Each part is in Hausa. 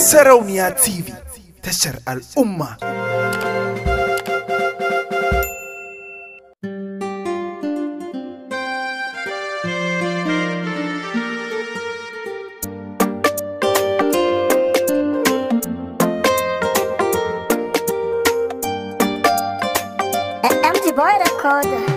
Sarauniya TV tashar al'umma. MG Boy Recorder.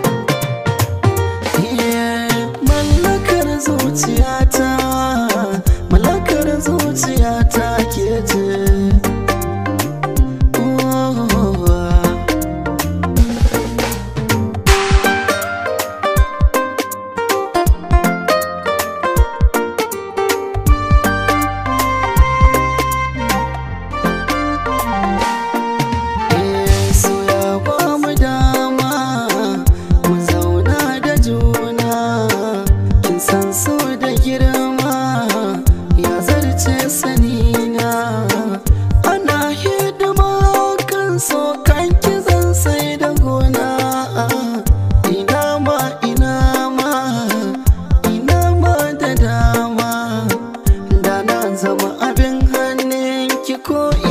con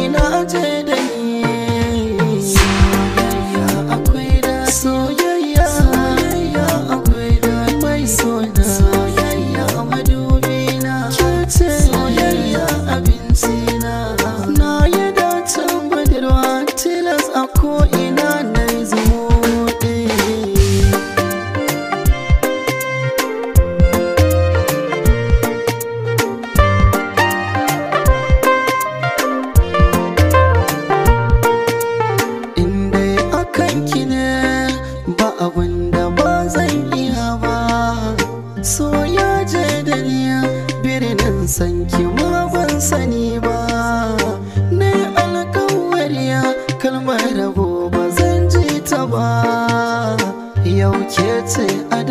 san ki ma ban sani ba ne alkawariya kalmar rabo ba zan ji ta ba yau ke ce a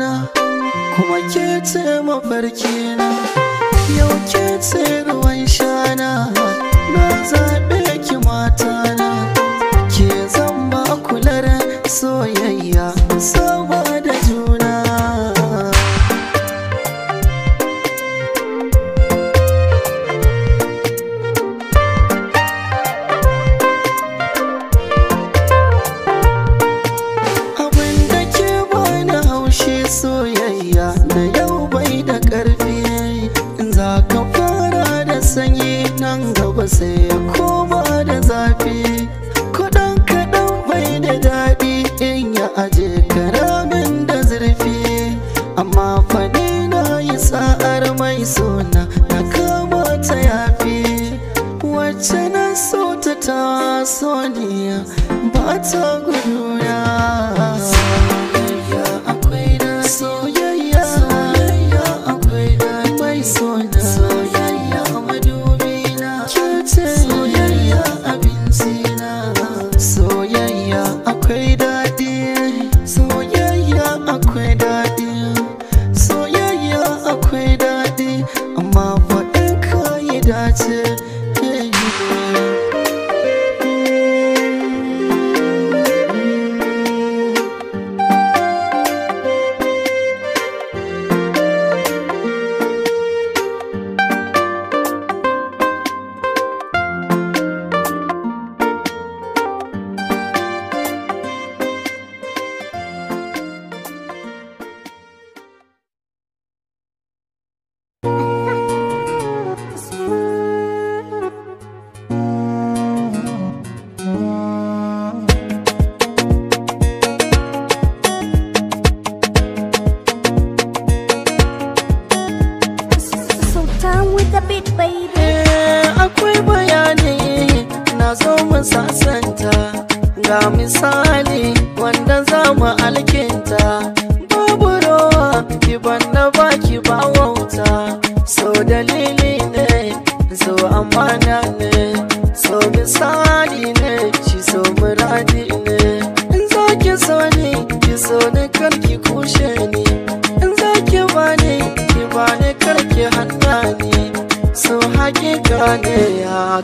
na, kuma ke ce na yau ke ce ruwan shana na zaɓe sai ya koma da zafi Kudan kaɗan bai da daɗi in ya aje karamin da zurfi amma faɗi na yi sa'ar mai suna na kama ta yafi wacce na so ta ta soniya ba ta guduna sabit baby eh, akwai bayani na zo mu sasanta ga misali wanda za mu alkinta babu rowa ki ban baki bawa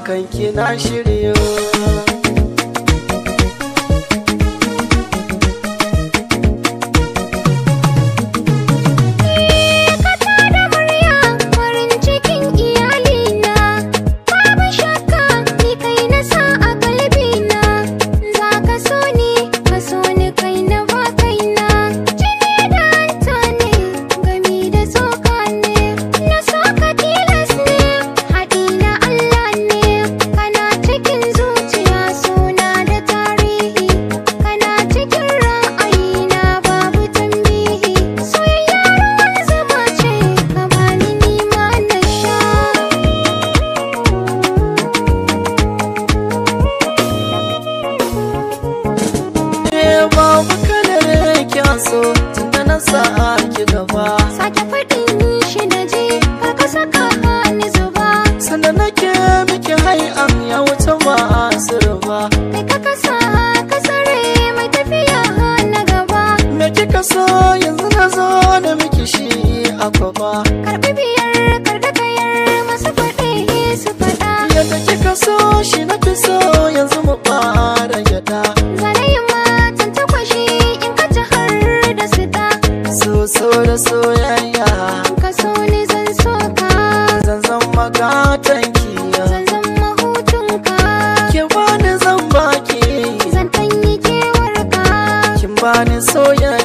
kan kina shiryo gaba sake faɗin shi naje ji ka saka hannu zuba sanda nake miki hai'an ya wuce ba a ba kai ka kasa ka mai tafiya na gaba me kika so so da soyayya ka so ni zan so ka zan zan magatan ki zan zan mahutun ka ke bani zan baki zan tanyi kewar ka kin bani soyayya